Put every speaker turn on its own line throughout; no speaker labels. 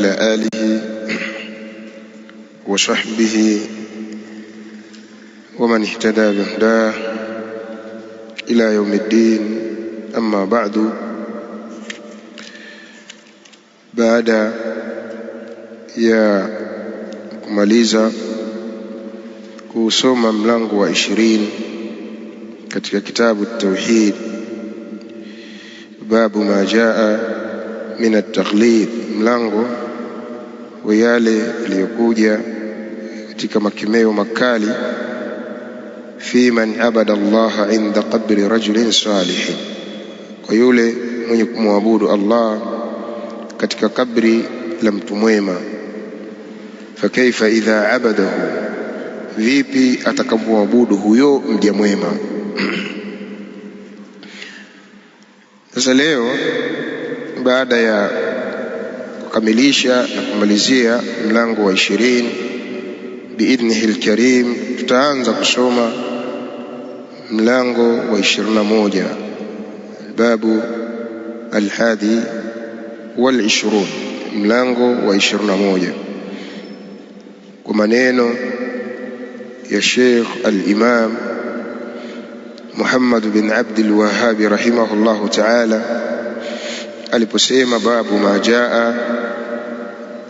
على آله وصحبه ومن اهتدى بهداه إلى يوم الدين أما بعد بعد يا ماليزا كوسوم ملانق وعشرين كتك كتاب التوحيد باب ما جاء من التقليد ملانغو wa yale yaliyokuja katika makemeo makali fi man abada Allah inda qabri rajulin salihin, kwa yule mwenye kumwabudu Allah katika kabri la mtu mwema. Fakaifa idha abadahu, vipi atakapoabudu huyo mja mwema? Sasa leo baada ya kukamilisha na kumalizia mlango wa ishirini biidhnihi lkarim. Tutaanza kusoma mlango wa ishirini na moja albabu alhadi wal ishrun, mlango wa ishirini na moja kwa maneno ya Sheikh al-Imam Muhammad bin Abdul Wahhab rahimahullahu ta'ala aliposema babu majaa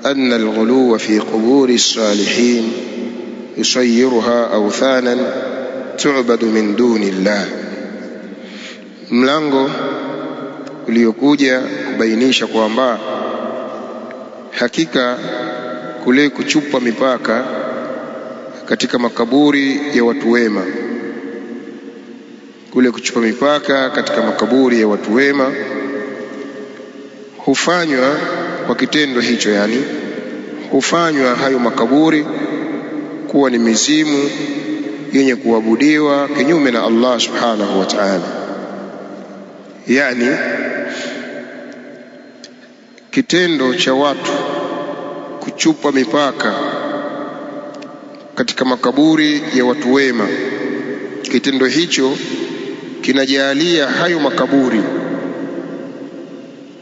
anna alghuluwa fi quburi salihin yusayiruha awthanan tu'badu min duni llah, mlango uliokuja kubainisha kwamba hakika kule kuchupa mipaka katika makaburi ya watu wema, kule kuchupa mipaka katika makaburi ya watu wema hufanywa kwa kitendo hicho, yani hufanywa hayo makaburi kuwa ni mizimu yenye kuabudiwa kinyume na Allah subhanahu wa ta'ala. Yani kitendo cha watu kuchupa mipaka katika makaburi ya watu wema, kitendo hicho kinajaalia hayo makaburi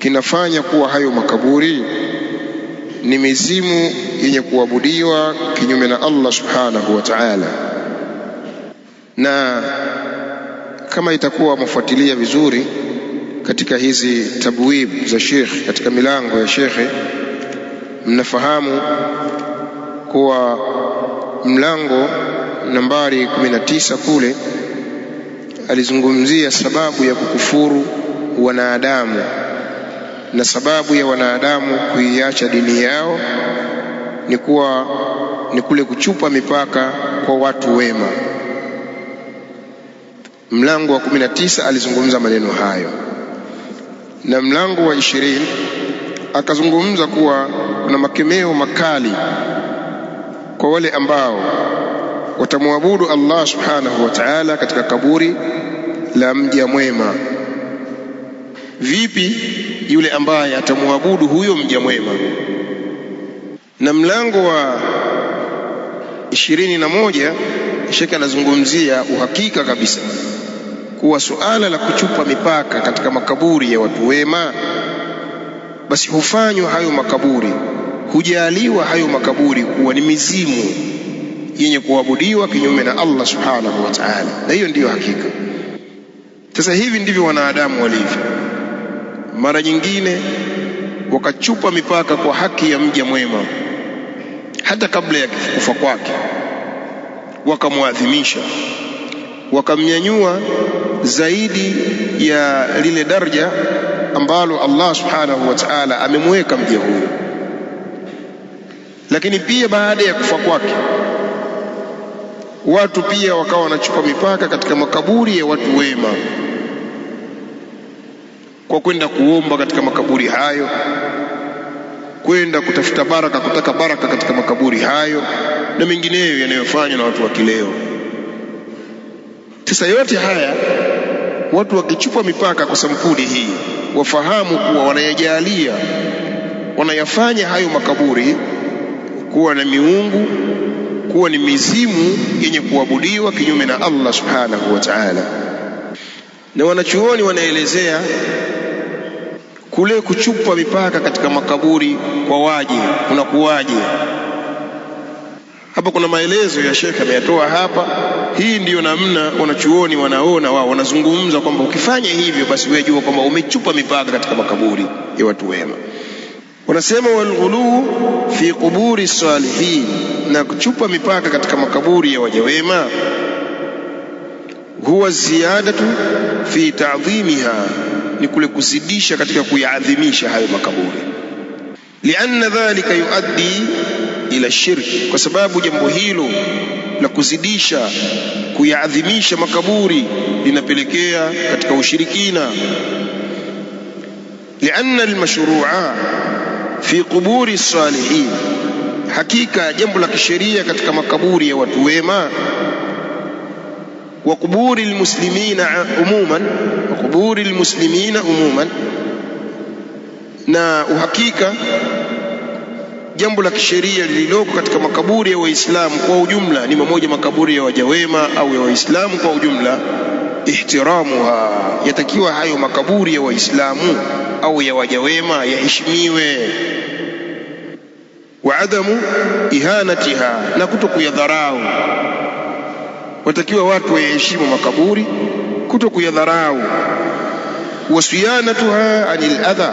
kinafanya kuwa hayo makaburi ni mizimu yenye kuabudiwa kinyume na Allah subhanahu wa ta'ala. Na kama itakuwa mfuatilia vizuri katika hizi tabwib za Sheikh, katika milango ya Sheikh, mnafahamu kuwa mlango nambari 19 kule alizungumzia sababu ya kukufuru wanadamu na sababu ya wanadamu kuiacha dini yao ni kuwa ni kule kuchupa mipaka kwa watu wema. Mlango wa 19 alizungumza maneno hayo, na mlango wa 20 akazungumza kuwa kuna makemeo makali kwa wale ambao watamwabudu Allah subhanahu wa ta'ala katika kaburi la mja mwema. Vipi yule ambaye atamwabudu huyo mja mwema? Na mlango wa ishirini na moja shekhe anazungumzia uhakika kabisa kuwa suala la kuchupa mipaka katika makaburi ya watu wema, basi hufanywa hayo makaburi, hujaaliwa hayo makaburi kuwa ni mizimu yenye kuabudiwa kinyume na Allah subhanahu wa ta'ala, na hiyo ndiyo hakika. Sasa hivi ndivyo wanadamu walivyo mara nyingine wakachupa mipaka kwa haki ya mja mwema hata kabla ya kufa kwake, wakamwadhimisha, wakamnyanyua zaidi ya lile daraja ambalo Allah subhanahu wa ta'ala amemweka mja huyo. Lakini pia baada ya kufa kwake, watu pia wakawa wanachupa mipaka katika makaburi ya watu wema kwa kwenda kuomba katika makaburi hayo, kwenda kutafuta baraka, kutaka baraka katika makaburi hayo na mengineyo yanayofanywa na watu wa kileo. Sasa yote haya watu wakichupa mipaka kwa sampuli hii, wafahamu kuwa wanayajalia, wanayafanya hayo makaburi kuwa na miungu, kuwa ni mizimu yenye kuabudiwa kinyume na Allah subhanahu wa ta'ala. Na wanachuoni wanaelezea kule kuchupa mipaka katika makaburi kwa waje kunakuwaje? Hapa kuna maelezo ya Sheikh ameyatoa hapa. Hii ndiyo namna wanachuoni wanaona wao, wanazungumza kwamba ukifanya hivyo, basi wewe jua kwamba umechupa mipaka katika makaburi ya watu wema. Wanasema walghuluu fi quburi salihin, na kuchupa mipaka katika makaburi ya waja wema huwa ziyadatu fi ta'dhimiha ni kule kuzidisha katika kuyaadhimisha hayo makaburi. Lianna dhalika yuaddi ila shirki, kwa sababu jambo hilo la kuzidisha kuyaadhimisha makaburi linapelekea katika ushirikina. Lianna almashrua fi quburi salihin, hakika jambo la kisheria katika makaburi ya watu wema wa quburi lmuslimina umuman, wa quburi lmuslimina umuman, na uhakika jambo la kisheria lililoko katika makaburi ya Waislamu kwa ujumla ni mamoja makaburi ya wajawema au ya Waislamu kwa ujumla, ihtiramuha, yatakiwa hayo makaburi ya Waislamu au ya wajawema yaheshimiwe, wa adamu ihanatiha, na kuto kuyadharau watakiwa watu waheshimu makaburi, kuto kuyadharau. Wasiyanatuha anil adha,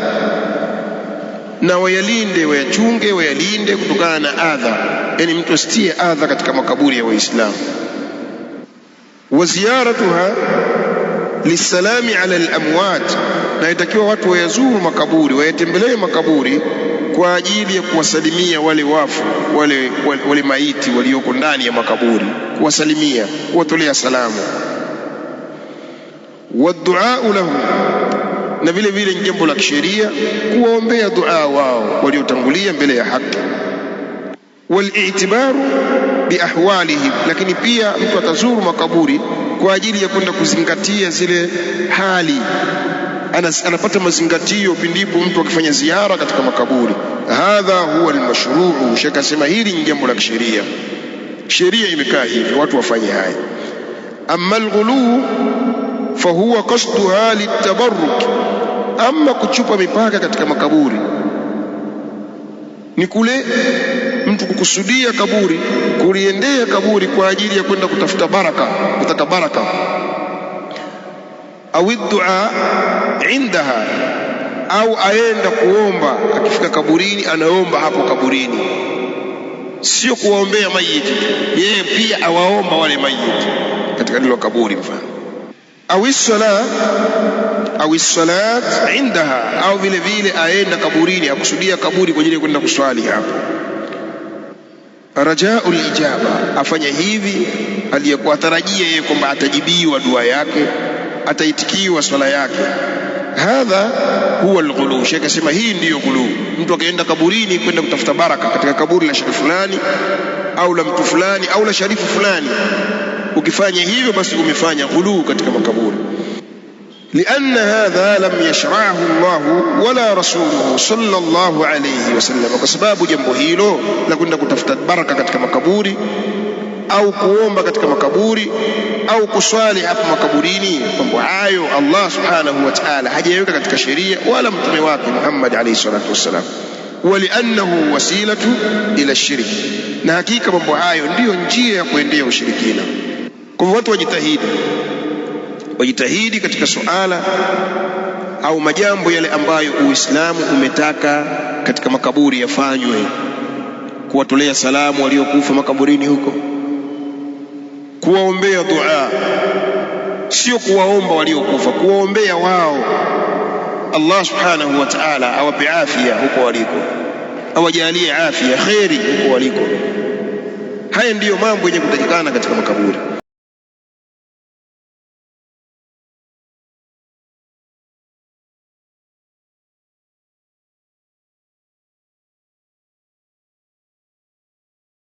na wayalinde, wayachunge, wayalinde kutokana na adha, yani mtu asitie adha katika makaburi ya Waislamu. Waziyaratuha lisalami ala alamwat, na itakiwa watu wayazuru makaburi, wayatembelee makaburi kwa ajili ya kuwasalimia wale wafu wale, wale, wale maiti walioko ndani ya makaburi, kuwasalimia kuwatolea salamu. Waduau lahu na vile vile ni jambo la kisheria kuwaombea dua wao waliotangulia mbele ya haki. Walitibaru biahwalihim, lakini pia mtu atazuru makaburi kwa ajili ya kwenda kuzingatia zile hali anapata mazingatio pindipo mtu akifanya ziara katika makaburi. Hadha huwa almashruu, Sheikh asema hili ni jambo la kisheria, sheria imekaa hivi watu wafanye haya. Amma alghuluu fahuwa qasduha litabarruk, ama kuchupa mipaka katika makaburi ni kule mtu kukusudia kaburi, kuliendea kaburi kwa ajili ya kwenda kutafuta baraka, kutaka baraka au dua indaha, au aenda kuomba akifika kaburini, anaomba hapo kaburini, sio kuwaombea mayiti, yeye pia awaomba wale mayiti katika ndilo kaburi, mfano au sala au salat indaha, au vile vile aenda kaburini, akusudia kaburi kwa ajili ya kwenda kuswali hapo rajaul ijaba, afanya hivi aliyekuwa atarajia yeye kwamba atajibiwa dua yake ataitikiwa swala yake. Hadha huwa alghulu, Sheikh asema hii ndiyo ghulu. Mtu akaenda kaburini kwenda kutafuta baraka katika kaburi la sharifu fulani au la mtu fulani au la sharifu fulani, ukifanya hivyo basi umefanya ghulu katika makaburi. Lianna hadha lam yashrahu llahu wala rasuluhu sallallahu alayhi wasallam, kwa sababu jambo hilo la kwenda kutafuta baraka katika makaburi au kuomba katika makaburi au kuswali hapo makaburini, mambo hayo Allah subhanahu wa ta'ala hajaweka katika sheria wala mtume wake Muhammad alayhi salatu wassalam. lianahu wasilatu ila shirki, na hakika mambo hayo ndiyo njia ya kuendea ushirikina. Kwa hivyo watu wajitahidi, wajitahidi katika suala au majambo yale ambayo Uislamu umetaka katika makaburi yafanywe, kuwatolea salamu waliokufa makaburini huko kuwaombea dua, sio kuwaomba waliokufa, kuwaombea wao. Allah subhanahu wa ta'ala awape afya huko waliko, awajalie afya kheri huko waliko. Haya ndiyo mambo yenye kutakikana katika makaburi.